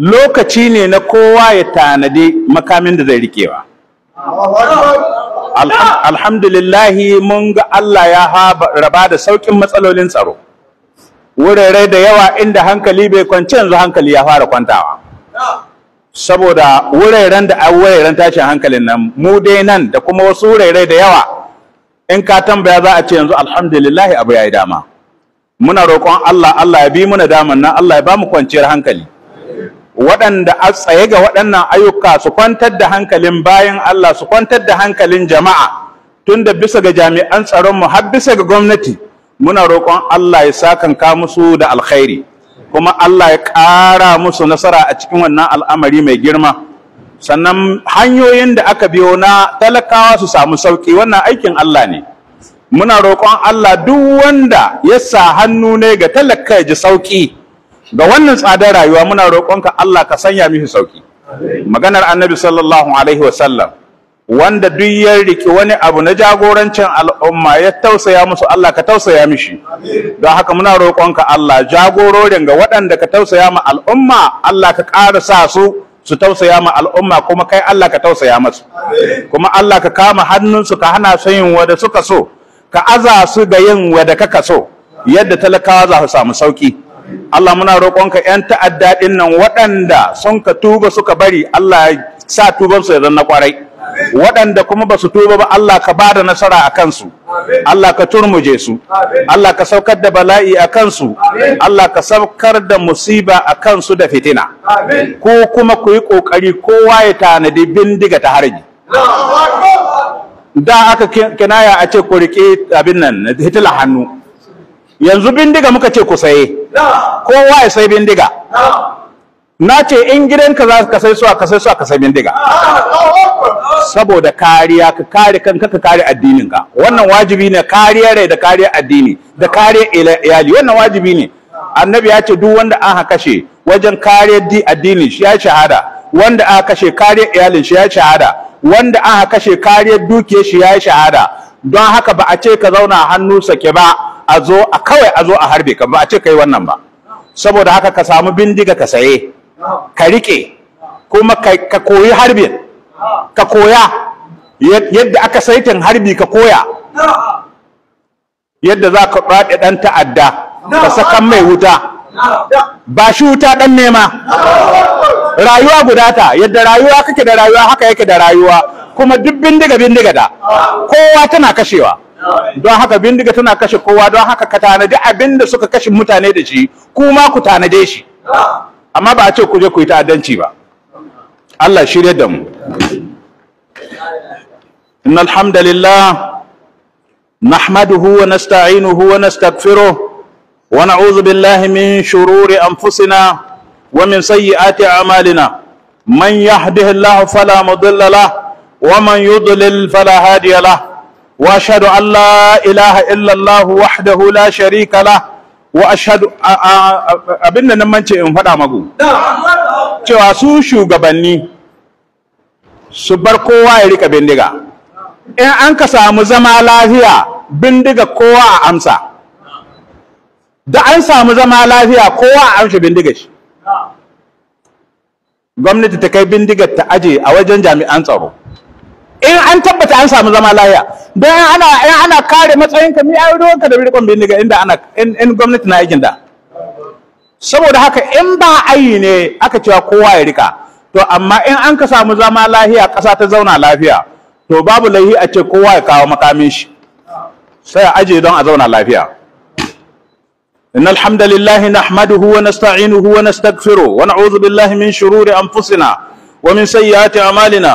lokaci ne na kowa ya tanadi makamin da zai rikewa alhamdulillahi mun ga Allah ya raba da saukin matsalolin tsaro wurare da yawa inda hankali bai kwanci yanzu hankali ya fara kwantawa saboda wuraren da wuraren tashin hankalin nan mu dai nan da kuma wasu wurare da yawa in ka tambaya za a ce yanzu alhamdulillahi abu ya yi dama muna roƙon Allah Allah ya bi muna daman nan Allah ya ba mu kwanciyar hankali waɗanda a tsaye ga waɗannan ayyuka su kwantar da hankalin bayan Allah su kwantar da hankalin jama'a tunda bisa ga jami'an tsaronmu har bisa ga gwamnati muna roƙon Allah ya ka musu da alkhairi kuma Allah ya ƙara musu nasara a cikin wannan al'amari mai girma sannan hanyoyin da aka biyo na talakawa su samu sauƙi wannan aikin Allah ne muna roƙon Allah duk wanda ya sa hannu ne ga talaka ji sauƙi ga wannan tsadar rayuwa muna roƙonka Allah ka sanya mishi sauki maganar annabi sallallahu alaihi wasallam wanda duk ya riki wani abu na jagorancin al'umma ya tausaya musu Allah ka tausaya mishi don haka muna roƙonka Allah jagororin ga waɗanda ka tausaya ma al'umma Allah ka ƙara sa su su tausaya ma al'umma kuma kai Allah ka tausaya masu kuma Allah ka kama hannunsu ka hana su yin wada suka so ka aza su ga yin wada kaka so yadda talakawa za su samu sauki Allah muna roƙonka 'yan ta'adda ɗin nan waɗanda sun ka tuba suka bari Allah sa tubansu ya zanna kwarai waɗanda kuma ba su tuba ba Allah ka ba da nasara a kansu Allah ka turmuje su Allah ka saukar da bala'i a kansu Allah ka saukar da musiba a kansu da fitina ko kuma ku yi ƙoƙari kowa ya tanadi bindiga ta harji da aka kinaya a ce ku riƙe abin nan hitila hannu yanzu bindiga muka ce ku saye kowa ya sai bindiga na ce in gidanka za ka sai suwa ka sai suwa ka sai bindiga ah, saboda kariya ka kare kanka ka kare addininka wannan wajibi ne kariya rai da kariya addini da kariya iyali wannan wajibi ne annabi ya ce duk wanda aka kashe wajen kariya addini shi ya shahada wanda aka kashe kariya iyalin shi ya shahada wanda aka kashe kariya dukiyar shi ya shahada don haka ba a ce ka zauna hannu sake ba a zo a kawai a zo a harbe ka ba a ce kai wannan ba saboda haka ka samu bindiga ka saye ka rike kuma ka koyi harbin ka koya yadda aka saitin harbi ka koya yadda za ka ɗaɗe ɗan ta'adda ka sakan mai wuta ba shi wuta ɗan nema rayuwa guda ta yadda rayuwa kake da rayuwa haka yake da rayuwa kuma duk bindiga bindiga da kowa tana kashewa don haka bindiga tana kashe kowa don haka ka tanadi abinda suka kashe mutane da shi kuma ku tanade shi amma ba a ce ku je ku yi ta'addanci ba Allah shirye da mu innal hamdalillah nahmaduhu wa nasta'inuhu wa nastaghfiruh wa na'udhu billahi min shururi anfusina wa min sayyiati a'malina man yahdihillahu fala mudilla lahu wa man yudlil fala hadiya lahu واشهد ان لا اله الا الله وحده لا شريك له واشهد abin نن nan ان in faɗa magu cewa su shugabanni su bar kowa ya rika bindiga in an ka samu zama lafiya bindiga kowa a amsa da an samu zama lafiya kowa a amsa bindiga shi gwamnati ta kai bindigar ta aje a wajen jami'an tsaro in an tabbata an samu zama laya don ana in ana kare matsayinka mi ai ruwanka da rikon bindiga inda ana in gwamnati na aikin da saboda haka in ba ayi ne aka cewa kowa ya rika to amma in an ka samu zama lahiya ƙasa ta zauna lafiya to babu laihi a ce kowa ya kawo makamin shi sai a aje don a zauna lafiya إن الحمد لله نحمده ونستعينه ونستغفره ونعوذ بالله من شرور أنفسنا ومن سيئات أعمالنا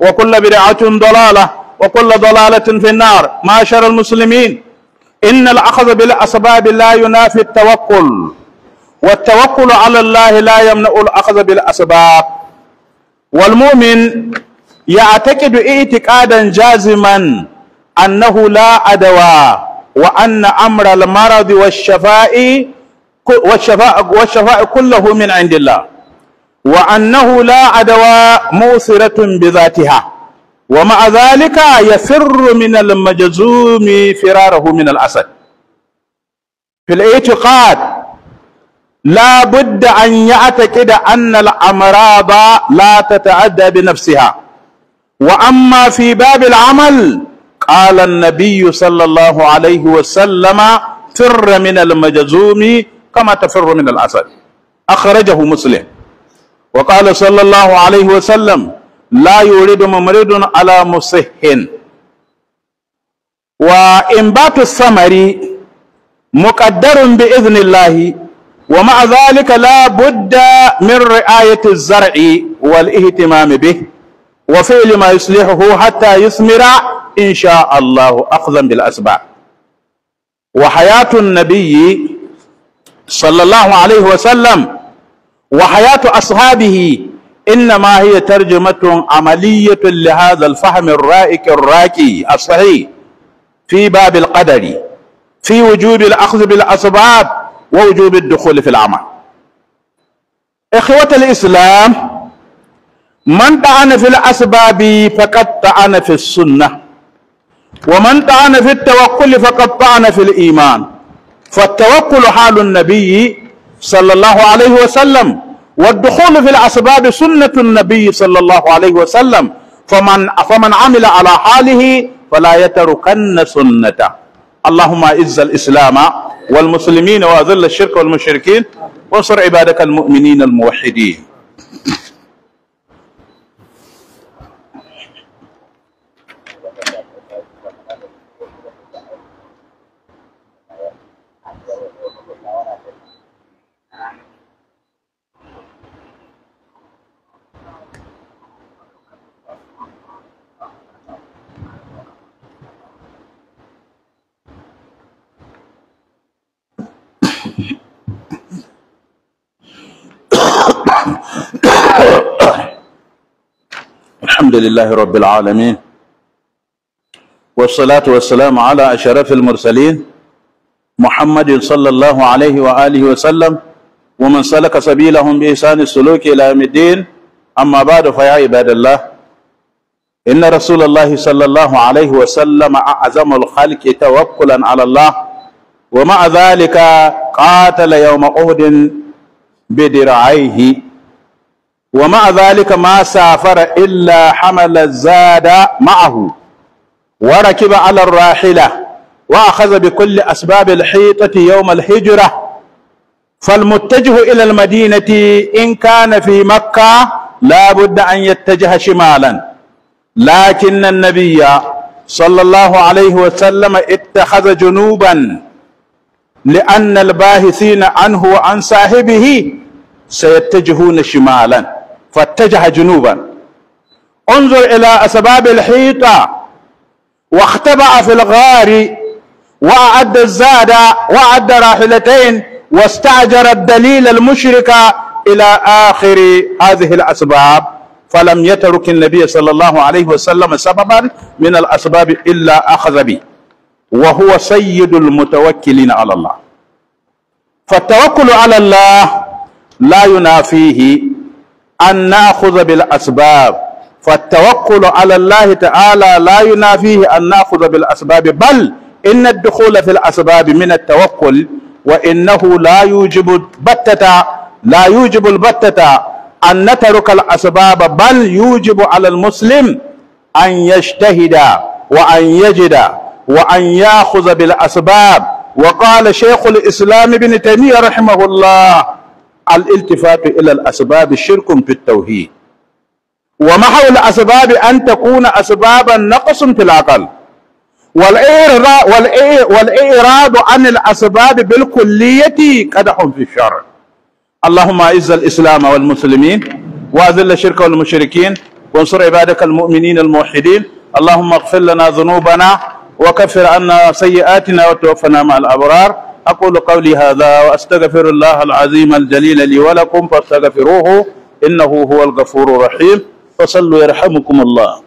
وكل برعة ضلالة وكل ضلالة في النار معاشر المسلمين إن الأخذ بالأسباب لا ينافي التوكل والتوكل على الله لا يمنع الأخذ بالأسباب والمؤمن يعتقد اعتقادا جازما أنه لا أدوى وأن أمر المرض والشفاء والشفاء, والشفاء كله من عند الله وأنه لا عدوى مؤثرة بذاتها ومع ذلك يفر من المجزوم فراره من الأسد في الاعتقاد لا بد أن يعتقد أن الأمراض لا تتعدى بنفسها وأما في باب العمل قال النبي صلى الله عليه وسلم فر من المجزوم كما تفر من الأسد أخرجه مسلم وقال صلى الله عليه وسلم لا يريد ممرض على مصح وإنبات الثمر مقدر بإذن الله ومع ذلك لا بد من رعاية الزرع والاهتمام به وفعل ما يصلحه حتى يثمر إن شاء الله أخذا بالأسباب وحياة النبي صلى الله عليه وسلم وحياة أصحابه إنما هي ترجمة عملية لهذا الفهم الرائك الراكي الصحيح في باب القدر في وجوب الأخذ بالأسباب ووجوب الدخول في العمل إخوة الإسلام من طعن في الأسباب فقد طعن في السنة ومن طعن في التوكل فقد طعن في الإيمان فالتوكل حال النبي صلى الله عليه وسلم والدخول في الأسباب سنة النبي صلى الله عليه وسلم فمن فمن عمل على حاله فلا يتركن سنته اللهم اعز الإسلام والمسلمين وأذل الشرك والمشركين وانصر عبادك المؤمنين الموحدين الحمد لله رب العالمين والصلاة والسلام على أشرف المرسلين محمد صلى الله عليه وآله وسلم ومن سلك سبيلهم بإحسان السلوك إلى يوم الدين أما بعد فيا عباد الله إن رسول الله صلى الله عليه وسلم أعظم الخلق توكلا على الله ومع ذلك قاتل يوم أهد بدرعيه ومع ذلك ما سافر إلا حمل الزاد معه وركب على الراحلة وأخذ بكل أسباب الحيطة يوم الهجرة فالمتجه إلى المدينة إن كان في مكة لا بد أن يتجه شمالا لكن النبي صلى الله عليه وسلم اتخذ جنوبا لأن الباحثين عنه وعن صاحبه سيتجهون شمالا واتجه جنوبا انظر إلى أسباب الحيطة واختبأ في الغار وأعد الزاد وأعد راحلتين واستأجر الدليل المشرك إلى آخر هذه الأسباب فلم يترك النبي صلى الله عليه وسلم سببا من الأسباب إلا أخذ به وهو سيد المتوكلين على الله فالتوكل على الله لا ينافيه أن نأخذ بالأسباب فالتوكل على الله تعالى لا ينافيه أن نأخذ بالأسباب بل إن الدخول في الأسباب من التوكل وإنه لا يوجب البتة لا يوجب البتة أن نترك الأسباب بل يوجب على المسلم أن يجتهد وأن يجد وأن يأخذ بالأسباب وقال شيخ الإسلام ابن تيمية رحمه الله الالتفات إلى الأسباب شرك في التوحيد ومحو الأسباب أن تكون أسبابا نقص في العقل والإعراض عن الأسباب بالكلية قدح في الشر اللهم أعز الإسلام والمسلمين وأذل الشرك والمشركين وانصر عبادك المؤمنين الموحدين اللهم اغفر لنا ذنوبنا وكفر عنا سيئاتنا وتوفنا مع الأبرار أقول قولي هذا وأستغفر الله العظيم الجليل لي ولكم فاستغفروه إنه هو الغفور الرحيم فصلوا يرحمكم الله